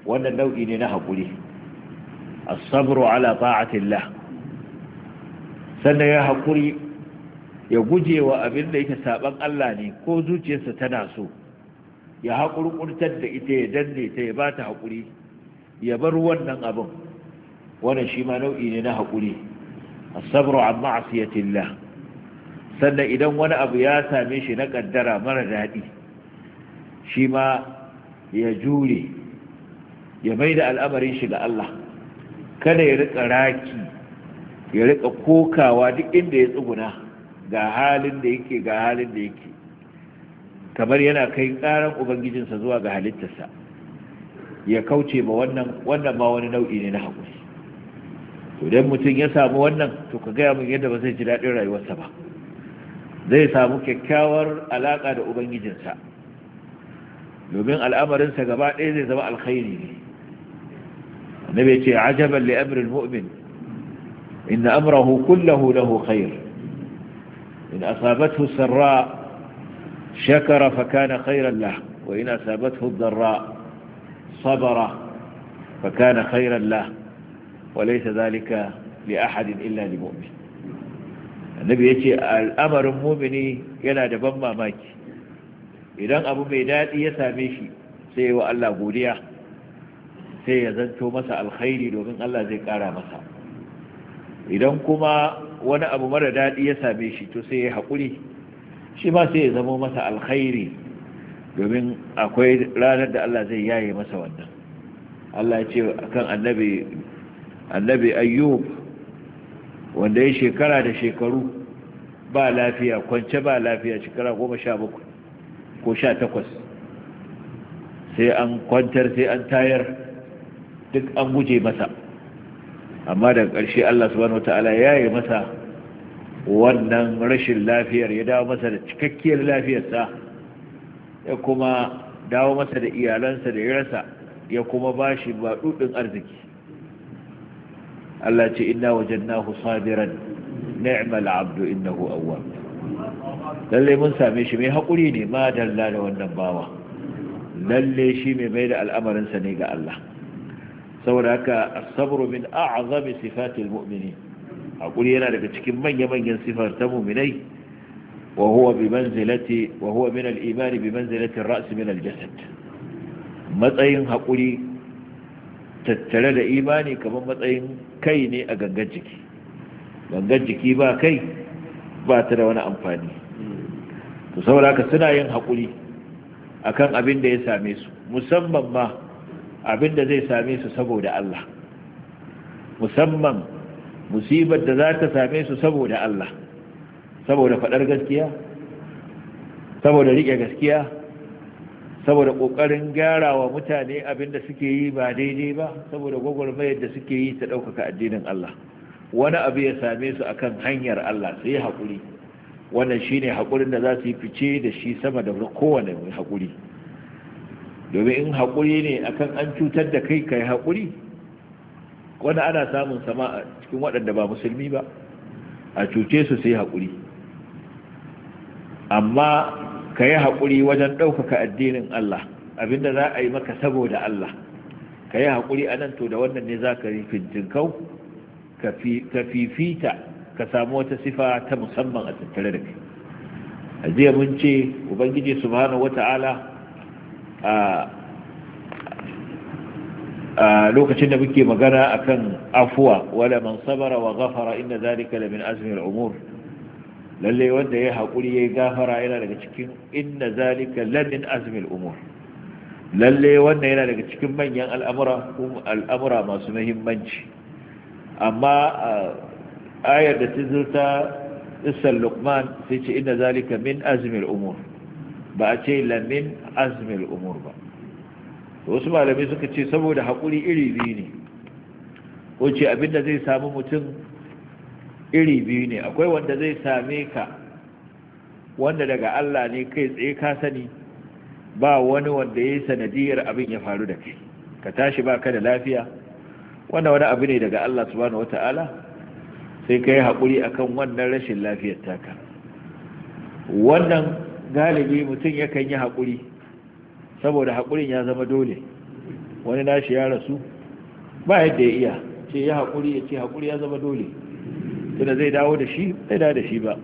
wannan nau'i ne na haƙuri A sabro ala ta'atillah sannan ya haƙuri ya guje wa abin da yake saɓan Allah ne ko zuciyarsa tana so ya haƙurƙurtar da ita ya danne ta ya ba ta haƙuri ya bar wannan abin wannan shi ma nau'i ne na haƙuri A sabro an ma'asiyatillah sannan idan wani abu ya same shi na kaddara mara daɗi shi ma ya jure ya mai da al'amarin shi ga Allah kada ya rika raki ya rika kokawa duk inda ya tsuguna ga halin da yake ga halin da yake kamar yana kai karan ubangijinsa zuwa ga halittarsa ya kauce ba wannan wannan ma wani nau'i ne na haƙuri to idan mutum ya samu wannan to ka gaya mun yadda ba zai ji daɗin rayuwarsa ba zai samu kyakkyawar alaƙa da ubangijinsa domin al'amarinsa gaba ɗaya zai zama alkhairi ne annabi ya ce ajaban li amril mu'min inna amrahu kullahu lahu khair in asabathu sarra shakara fa kana khairan lahu wa in asabathu dharra sabara fa kana khairan lahu wa laysa dhalika li ahadin illa lil mu'min annabi ya ce al'amarin mumini yana da ban mamaki idan abu mai daɗi ya same shi sai wa Allah godiya sai ya zanto masa alkhairi domin Allah zai ƙara masa idan kuma wani abu mara daɗi ya same shi to sai ya haƙuri shi ma sai ya zamo masa alkhairi domin akwai ranar da Allah zai yaye masa wannan Allah ya ce akan annabi annabi ayyub wanda ya shekara da shekaru ba lafiya kwance ba lafiya shekara goma sha bakwai ko sha takwas sai an kwantar sai an tayar duk an guje masa amma daga ƙarshe Allah subhanahu wata'ala ya yi masa wannan rashin lafiyar ya dawo masa da cikakkiyar lafiyarsa ya kuma dawo masa da iyalansa da ya rasa ya kuma ba shi ba arziki Allah ce ina wajen nahu sabiran ni'mal abdu hu awwab lalle mun same shi mai haƙuri ne ma dalla da wannan bawa lalle shi mai mai da al'amarinsa ne ga Allah saboda haka asabru min a'zami sifatil mu'mini haƙuri yana daga cikin manya-manyan sifar ta mu'minai wa huwa bi manzilati wa huwa min al-imani bi manzilati ar-ra's min al-jasad matsayin haƙuri tattare da imani kamar matsayin kai ne a gangan jiki gangan jiki ba kai ba ta da wani amfani to saboda haka suna yin haƙuri akan abin da ya same su musamman ma abin da zai same su saboda Allah musamman musibar da za ta same su saboda Allah saboda faɗar gaskiya saboda riƙe gaskiya saboda ƙoƙarin gyara wa mutane abin da suke yi ba daidai ba saboda gwagwarmayar da suke yi ta ɗaukaka addinin Allah wani abu ya same su akan hanyar Allah su yi haƙuri wannan shine haƙurin da za su yi fice da shi sama da kowane mai haƙuri domin in haƙuri ne akan an cutar da kai kai haƙuri wanda ana samun sama a cikin waɗanda ba musulmi ba a cuce su sai haƙuri amma ka yi haƙuri wajen ɗaukaka addinin Allah abinda za a yi maka saboda Allah ka yi haƙuri a nan to da wannan ne za ka yi kau ka fifita ka samu wata sifa ta musamman a tattare da kai a jiya mun ce ubangiji subhanahu wata'ala a lokacin da muke magana akan afuwa wala man sabara wa ghafara inna zalika la min azmi al-umur lalle wanda ya hakuri ya yi gafara yana daga cikin inna zalika lamin azmil umur lalle wanda yana daga cikin manyan al'amura al'amura masu muhimmanci amma ayar da ta ta isan lukman sai ce inda zalika min azumin umur ba a ce lamin azumin umur ba wasu malamai suka ce saboda haƙuri iri biyu ne ko ce abinda zai samu mutum iri biyu ne akwai wanda zai same ka wanda daga Allah ne kai tsaye ka sani ba wani wanda ya yi sanadiyar abin ya faru da kai ka tashi ba ka da lafiya wanda wani abu ne daga Allah subhanahu wata'ala sai ka yi haƙuri a kan wannan rashin lafiyar taka wannan galibi mutum yakan yi haƙuri saboda haƙurin ya zama dole wani nashi ya rasu ba yadda ya iya ce ya haƙuri ya ce haƙuri ya zama dole tunda zai dawo da shi zai dawo da shi ba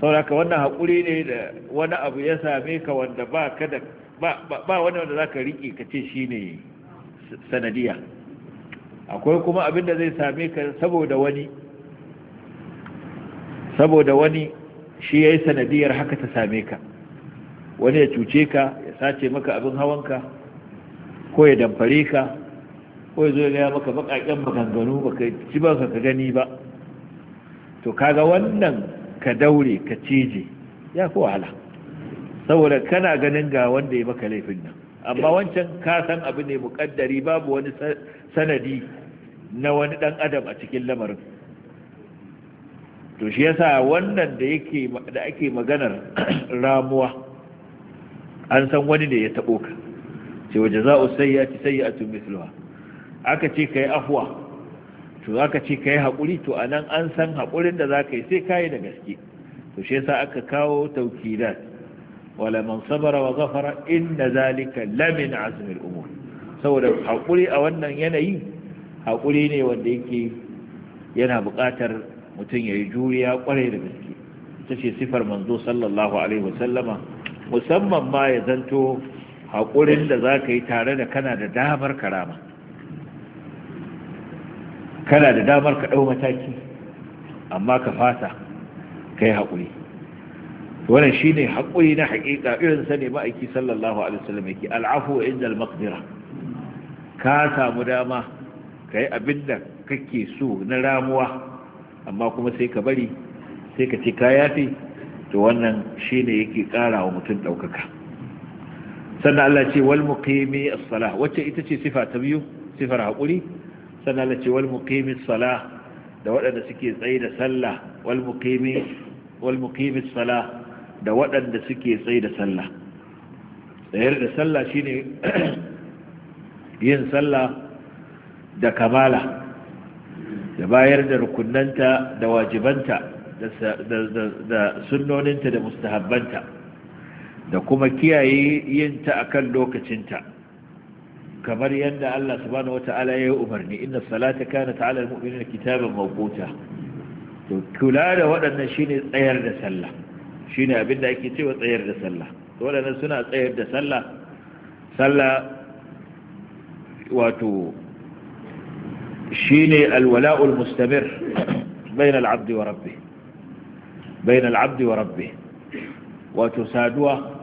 sauraka wannan haƙuri ne da wani abu ya same ka wanda ba ba wani wanda za ka riƙe ka ce shi ne sanadiya akwai kuma abin da zai same ka saboda wani saboda wani shi ya yi sanadiyar haka ta same ka wani ya cuce ka ya sace maka abin hawanka ko ya damfare ka ko ya zo ya gaya maka bakaƙen maganganu ba ka ci ba ka gani ba to kaga wannan ka daure ka cije ya fi wahala saboda kana ganin ga wanda ya maka laifin nan amma wancan ka san abu ne muƙaddari babu wani sanadi na wani ɗan adam a cikin lamarin to shi yasa wannan da yake da ake maganar ramuwa an san wani da ya tabo ka sai wa jaza'u sayyi'ati sayyi'atu mithluha aka ce kai afwa to aka ce kai hakuri to anan an san hakurin da zaka yi sai kai da gaske to shi yasa aka kawo tawkidat wala man sabara wa ghafara inna zalika lamin azmi al-umur saboda hakuri a wannan yanayi hakuri ne wanda yake yana buƙatar mutum ya yi juriya kwarai da gaske ita ce sifar manzo sallallahu alaihi wasallama musamman ma ya zanto haƙurin da za ka yi tare da kana da damar karama kana da damar ka ɗau mataki amma ka fata ka yi haƙuri wannan shi ne haƙuri na haƙiƙa irin sani ma'aiki sallallahu alaihi wasallam yake al'afu inda al-maqdira ka samu dama ka yi abin da kake so na ramuwa amma kuma sai ka bari sai ka ce ka yafi to wannan shi ne yake kara wa mutum daukaka sannan Allah ce wal muqimi as-salah wacce ita ce sifa ta biyu sifar hakuri sannan Allah ce wal muqimi as-salah da waɗanda suke tsaye da sallah wal muqimi wal muqimi as-salah da waɗanda suke tsaye da sallah tsayar da sallah shine yin sallah da kamala da bayar da rukunanta da wajibanta da sunnoninta da mustahabbanta da kuma kiyaye yinta kan lokacinta kamar yadda Allah subhanahu wata'ala ya yi umarni inna salata kana ta'ala al-mu'minina kitaban to kula da waɗannan shine tsayar da sallah shine abin da ake cewa tsayar da sallah waɗannan suna tsayar da sallah sallah wato shine alwala'ul mustamir bainal abdi wa bainal abdi wa rabbi wato saduwa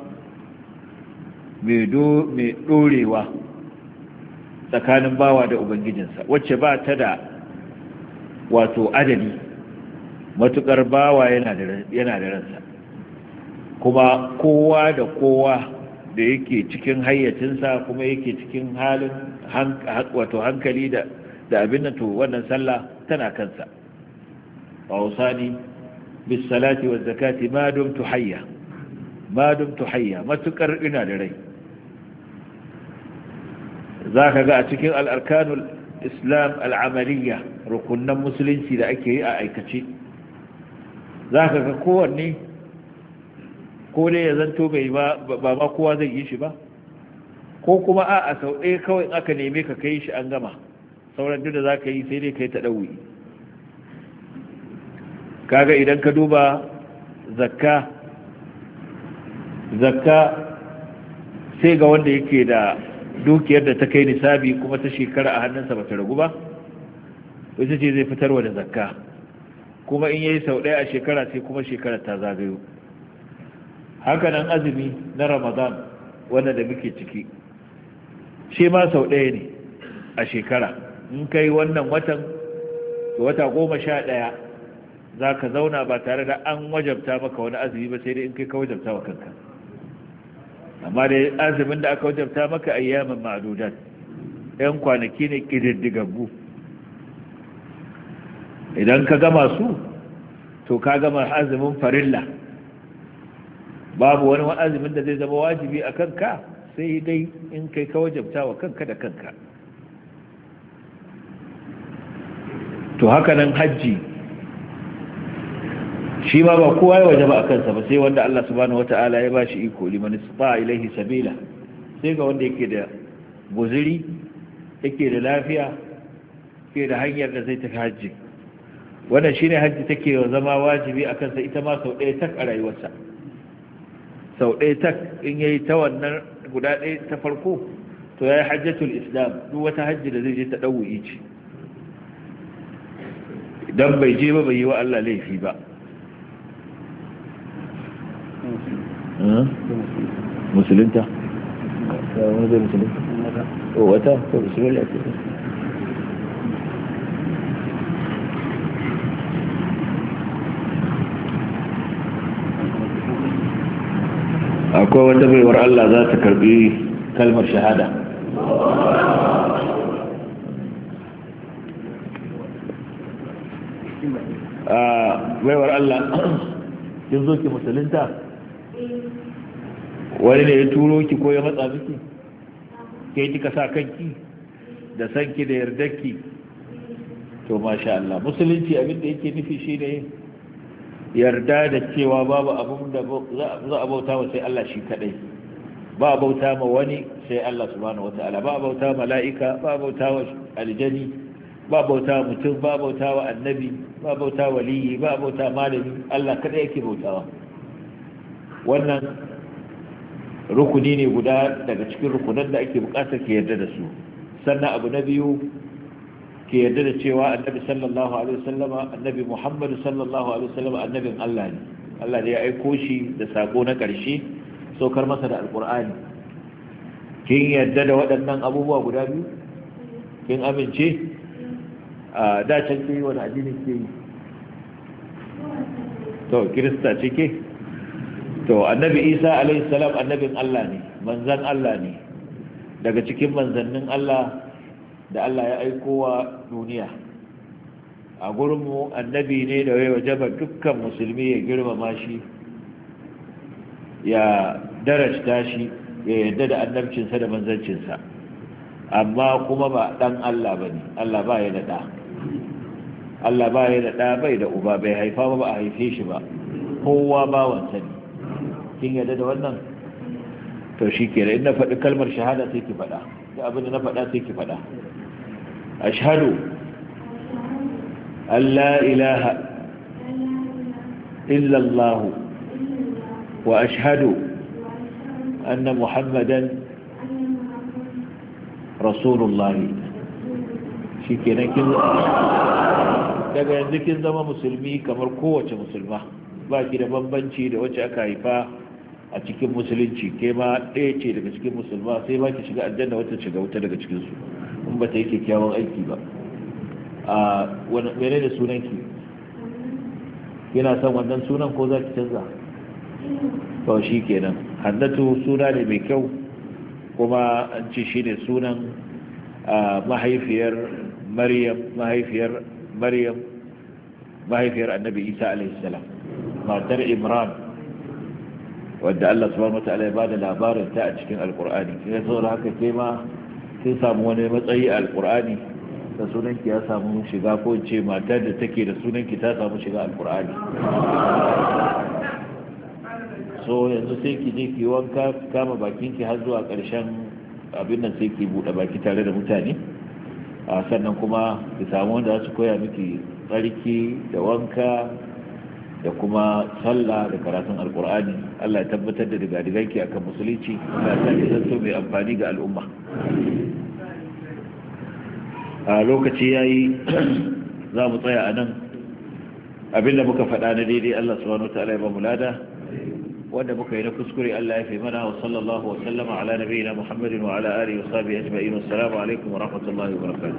mai dorewa tsakanin bawa da ubangijinsa wacce ba ta da wato adadi matukar bawa yana da ransa kuma kowa da kowa da yake cikin hayyacinsa kuma yake cikin halin wato hankali da da abin to wannan sallah tana kansa wa usani bis salati waz zakati ma dumtu hayya ma matukar ina da rai ka ga a cikin al-arkanul islam al rukunan musulunci da ake yi a aikace ka ga kowanne ko dai ya zanto bai ba ma kowa zai yi shi ba ko kuma a a sau ɗaya kawai aka neme ka kai shi an gama sauran duk da za ka yi sai dai ka yi ta kaga idan ka duba zakka zakka sai ga wanda yake da dukiyar da ta kai nisabi kuma ta shekara a hannunsa ba ta ragu ba ita ce zai fitarwa da zakka kuma in yayi sau ɗaya a shekara sai kuma shekara ta zagayo Haka nan azumi na ramadan wanda da muke ciki shi ma sau ɗaya ne a shekara in kai wannan watan wata goma sha ɗaya za ka zauna ba tare da an wajabta maka wani azumi ba sai dai in kai ka wajabta wa kanka amma dai azumin da aka wajabta maka ayyamin ma'adudan yan kwanaki ne ƙididdigabbu idan ka gama su to ka gama azumin farilla babu wani azumin da zai zama wajibi a kanka sai dai in kai ka wajabta wa kanka da kanka to haka nan hajji shi ma ba kowa ya ba a kansa ba sai wanda Allah subhanahu wata'ala ya bashi iko liman istata ilaihi sabila sai ga wanda yake da guzuri yake da lafiya yake da hanyar da zai tafi hajji shi ne hajji take zama wajibi a kansa ita ma sau ɗaya tak a rayuwarsa sau ɗaya tak in yayi ta wannan guda ɗaya ta farko to yayi hajjatul islam duk wata hajji da zai je ta ɗau'i ce don bai je ba bai yi wa Allah laifi ba musulunta wata ko musulunta akwai wata baiwar Allah za ta karbi kalmar shahada baiwar Allah kin zo ki musulunta wani ne ya turo ki ko ya matsa miki kai kika sa kanki da sanki da yardarki to masha Allah musulunci abin da yake nufi shine yarda da cewa babu abu da za a bauta wa sai Allah shi kadai ba a bauta ma wani sai Allah subhanahu wataala ba a bauta mala'ika ba a bauta wa aljani ba bauta mutum ba bauta wa annabi ba bauta waliyi ba bauta malami Allah kada yake bautawa wannan rukuni ne guda daga cikin rukunan da ake bukatar ke yarda da su sannan abu na biyu ke yarda da cewa annabi sallallahu alaihi wasallama annabi Muhammad sallallahu alaihi wasallama annabin Allah ne Allah ne ya aiko shi da sako na ƙarshe saukar masa da alkur'ani kin yarda da waɗannan abubuwa guda biyu kin amince a dacen ke wani addini ke yi to kirista ce ke to annabi isa alaihi salam annabin allah ne manzan allah ne daga cikin manzannin allah da allah ya aikowa duniya a gurinmu annabi ne da waje wajaba dukkan musulmi ya girmama shi ya darajta shi ya yarda da annabcinsa da manzancinsa amma kuma ba dan Allah ba ne Allah ba ya da Allah ba ya da ɗa bai da uba bai haifa ba a haife shi ba kowa ba wanta ne kin yadda da wannan to shi ke in na faɗi kalmar shahada sai ki faɗa da abin da na faɗa sai ki faɗa ashhadu an la ilaha illallah wa ashhadu anna muhammadan rasulullahi shi kenan kin daga yanzu kin zama musulmi kamar kowace musulma ba ki da bambanci da wacce aka haifa a cikin musulunci ke ma ɗaya ce daga cikin musulma sai ba ki shiga aljanna wata shiga wuta daga cikin su in ba ta yi kyakkyawan aiki ba a wani mene da sunan ki kina son wannan sunan ko za ki canza to shi kenan hannatu suna ne mai kyau kuma an ce shi ne sunan mahaifiyar maryam mahaifiyar maryam mahaifiyar annabi isa alaihissalam matar imran wadda allah subhanahu wataala ya bada labarin ta a cikin alkur'ani sai saboda haka ke ma sun samu wani matsayi a alkur'ani da sunanki ya samu shiga ko ce matar da take da sunanki ta samu shiga alkur'ani so yanzu sai ki je ki wanka kama bakinki har zuwa ƙarshen abin nan sai ki buɗe baki tare da mutane sannan kuma ki samu wanda za su koya miki tsarki da wanka da kuma sallah da karatun alkur'ani Allah ya tabbatar da digadiganki kan musulunci Allah ta yi zanto mai amfani ga al'umma a lokaci ya yi za mu tsaya a nan abinda muka faɗa na daidai Allah su wa ta'ala ya ba mu lada wanda muka yi na kuskure Allah ya fi mana wa sallallahu wa sallama ala nabiyina Muhammadin wa ala alihi wa sahbihi ajma'in assalamu alaikum wa rahmatullahi wa barakatuh